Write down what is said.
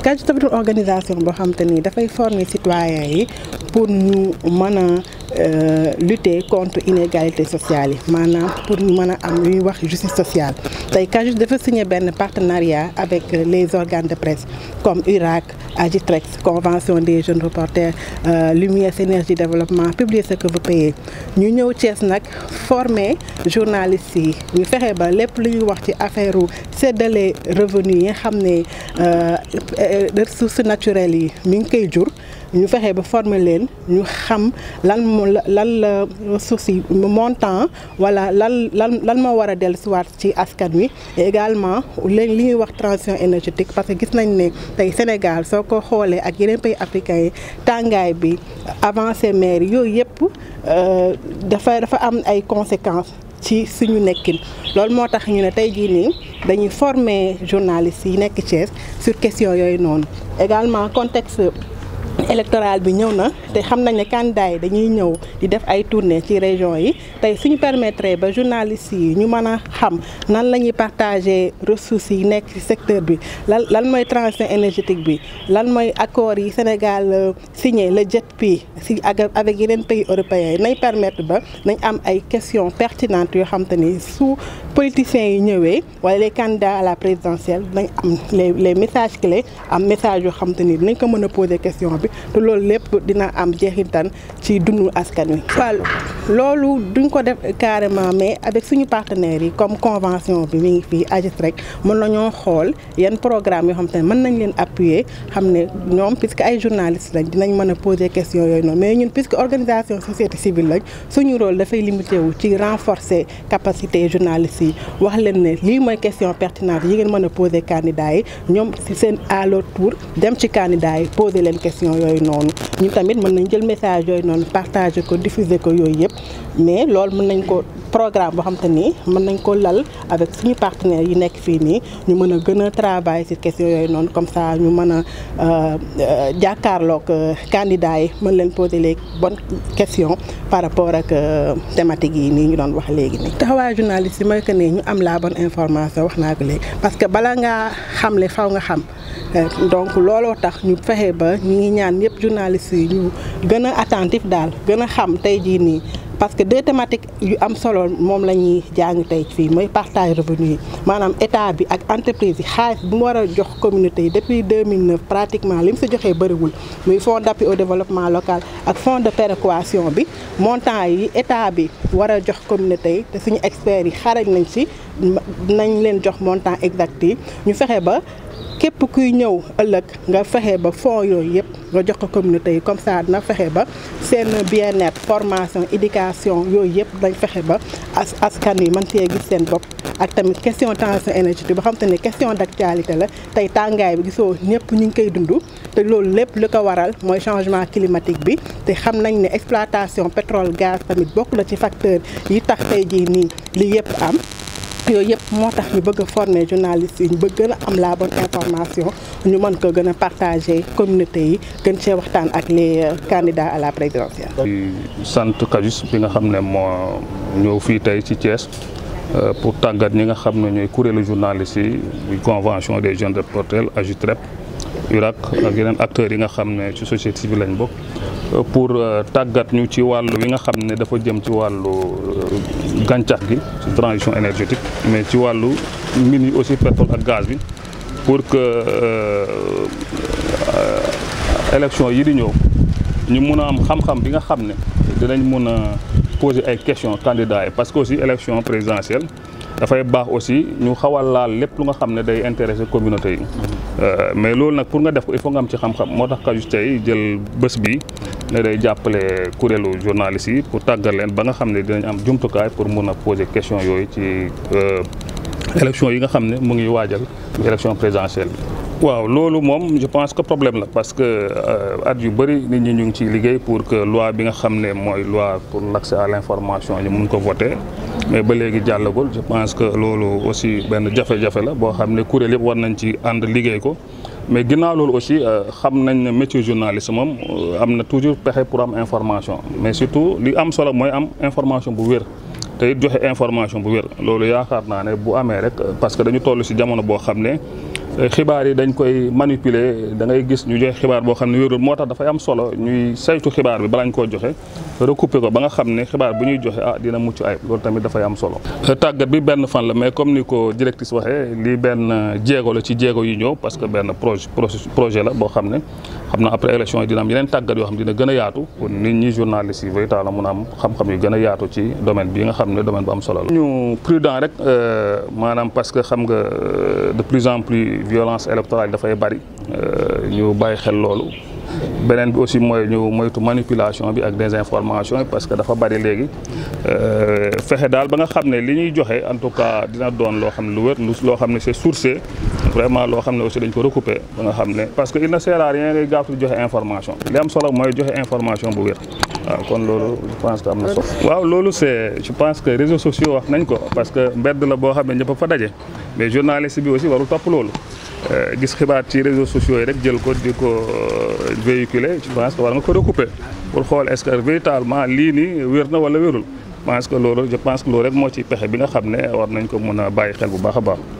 CATCH tamit organisation boo xam te ni dafay former citoyen yi pour ñu mën a Euh, lutter contre inégalité sociale yi maanaam pour ñu mën a am lu wax justice sociale tey CAJUST dafa signé benn partenariat avec les organes de presse comme URAC Agitrex convention des jeunes reporters euh, Lumière Synergie développement publier ce que vous payez ñu ñëw cees nag former journalistes yi ñu fexe ba lépp lu ñuy wax ci affaire u séddale revenu yi nga xam ne euh, ressources naturelles yi mi ngi koy jur ñu fexe ba former leen ñu xam lan moo lan la suuf si montant wala lan lan lan moo war a dellusiwaat ci askan wi et également léegi li ñuy wax transition énergétique parce que gis nañ ne tey Sénégal soo ko xoolee ak yeneen pays africains yi tàngaay bi avancé maire yooyu yëpp euh, dafa dafa am ay conséquences. ci suñu nekkin loolu moo tax ñu ne tey jii nii dañuy former journalistes yi nekk Thiès sur question yooyu noonu également contexte électoral bi ñëw na te xam nañ ne candidat yi dañuy ñëw di def ay tournée ci région yi tey suñu permettre ba journalistes yi ñu mën a xam nan la ñuy partager ressources yi nekk ci secteur bi lan lan mooy transition énergétique bi lan mooy accord yi Sénégal euh, signé le pi si ak avec yeneen pays européens yi nañ permettre ba nañ am ay question pertinentes yoo xam te ni su politiciens yi ñëwee wala les candidats a la présidentielle nañ am les les messages clés am message yoo xam ni dinañ ko mën a poser question bi te loolu lépp dina am jeexintan ci dundu askan wi. waaw loolu duñ ko def carrément mais avec suñu partenaires yi comme convention bi mu ngi fii AGETREC mën nañoo xool yan programme yoo xam ne mën nañ leen appuyer xam ne ñoom puisque ay journalistes lañ dinañ mën a poser question yooyu noonu mais ñun puisque organisation société civile lañ suñu role dafay limité wu ci renforcer capacité journalistes yi wax leen ne lii mooy question pertinente yi ngeen mën a poser candidat yi ñoom ci seen à leur tour dem ci candidat yi poser leen question. opinion yooyu noonu ñun tamit mën nañ jël message yooyu noonu partager ko diffuser ko yooyu yëpp mais loolu mën nañ ko programme boo xam te ni mën nañ ko lal avec suñu partenaires yi nekk fii nii ñu mën a gën a travailler ci question yooyu noonu comme ça ñu mën a euh, jàkkaarloog euh, candidats yi mën leen poser les bon question par rapport ak euh, thématiques yi nii ñu doon wax léegi nii. taxawaay journaliste yi mooy que ne ñu am la bonne information wax naa ko léegi parce que bala ngaa xamle faw nga xam. donc looloo tax ñu fexe ba ñu ngi ñaan yëpp journalistes yi ñu gën a attentif daal gën a xam tey jii nii parce que deux thématiques yu am solo moom la ñuy jàng tey fii mooy partage revenu yi maanaam état bi ak entreprise yi xaalis bu mu war a jox communauté yi depuis 2009 pratiquement li mu si joxee bëriwul muy fonds d'appui au développement local ak fonds de péréquation bi montant yi état bi war a jox communauté yi te suñu experts yi xarañ nañ si nañ leen jox montant exact ñu fexe ba. képp kuy ñëw ëllëg nga fexe ba fonds yooyu yëpp nga jox ko communauté yi comme ça dina fexe ba seen bien formation éducation yooyu yëpp dañ fexe ba as askan yi mën cee gis seen bopp. ak tamit question tension énergétique boo xam te ne question d'actualité la tey tàngaay bi gisoo ñëpp ñu ngi koy dund te loolu lépp li ko waral mooy changement climatique bi te xam nañ ne exploitation pétrole gaz tamit bokk la ci facteur yi tax tey jii nii lii yëpp am. yooyu yëpp moo tax ñu bëgg a former journalistes yi ñu bëgg gën a am la bonne information ñu mën ko gën a partager communauté yi gën cee waxtaan ak les euh, candidats à la présidentielle. sant Kajus bi nga xam ne moo ñëw fii tey ci Thiès euh, pour tàggat ñi nga xam ne ñooy kuréelu journalistes yi muy convention des jeunes reporters AGITREP URAC ak yeneen acteurs yi nga xam ne ci société civile lañ bokk. Euh, pour tàggat ñu ci wàllu wi nga xam ne dafa jëm ci wàllu gàncax gi ci transition mais ci wàllu mine yi aussi pétrole ak gaz bi pour que euh, élection yi di ñëw ñu mun a am xam-xam bi nga xam ne dinañ mun a poser ay questions candidats yi parce que aussi élection présidentielle dafay baax aussi ñu xawal laal lépp lu nga xam ne day intéressé communauté yi euh, mais loolu nag pour nga def ko il faut nga am ci xam-xam moo tax kajus tey jël bës bi ne day jàppale kuréelu journalistes yi pour tàggal leen ba nga xam ne dinañ am jumtukaay pour mun a poser question yooyu ci euh, élection yi nga xam ne mu ngi waajal élection présidentielle waaw loolu moom je pense que problème la parce que euh, at yu bëri nit ñi ñu ngi ciy liggéey pour que loi bi nga xam ne mooy loi pour l' accès à l' information ñu mun ko voter mais ba léegi jàllagul je pense que loolu aussi benn jafe-jafe la boo xam ne kuréel yëpp war nañ ci ànd liggéey ko mais ginnaaw loolu aussi euh, xam nañ ne métier journaliste moom euh, am na toujours pexe pour am information mais surtout li am solo mooy am information bu wér te it joxe information bu wér loolu yaakaar naa ne bu amee rek parce que dañu toll si jamono boo xam ne xibaar yi dañ koy manipuler da ngay gis ñu joxe xibaar boo xam ne wérul moo tax dafay am solo ñuy saytu xibaar bi balaañ koo joxe recouper ko ba nga xam ne xibaar bu ñuy joxe ah dina mucc ayib loolu tamit dafay am solo. tàggat bi benn fan la mais comme ni ko directrice waxee li benn jéego la ci jéego yi ñëw parce que benn projet projet la boo xam ne xam na après élection yi dina am yeneen tàggat yoo xam dina gën a yaatu pour nit ñi journalistes yi véritablement mun a am xam-xam yu gën a yaatu ci domaine bi nga xam ne domaine bu am solo la. ñu euh, maanaam parce que xam nga euh, de plus en plus. violence électorale dafay bari euh, ñu bàyyi xel loolu beneen bi aussi mooy ñu moytu manipulation bi ak désinformation yi parce que dafa bari léegi euh, fexe daal ba nga xam ne li ñuy joxe en tout cas dina doon loo xam ne lu wér loo xam ne c'est sourcé vraiment loo xam ne aussi dañ ko recouper ba nga xam ne parce que il ne sert à rien ngay joxe information li am solo mooy joxe information bu wér waaw kon loolu je pense que am na waaw loolu je pense que réseaux sociaux wax nañ ko parce que mbedd la boo xam ne ñëpp fa daje mais journaliste bi aussi warul topp loolu euh, gis xibaar ci réseaux sociaux yi rek jël ko di ko euh, véhiculer je pense que war nga ko recouper pour xool est-ce lii nii wér na wala wérul je pense que loolu je pense que loolu moo ci pexe bi nga xam ne war nañ ko mën a bàyyi xel bu baax baax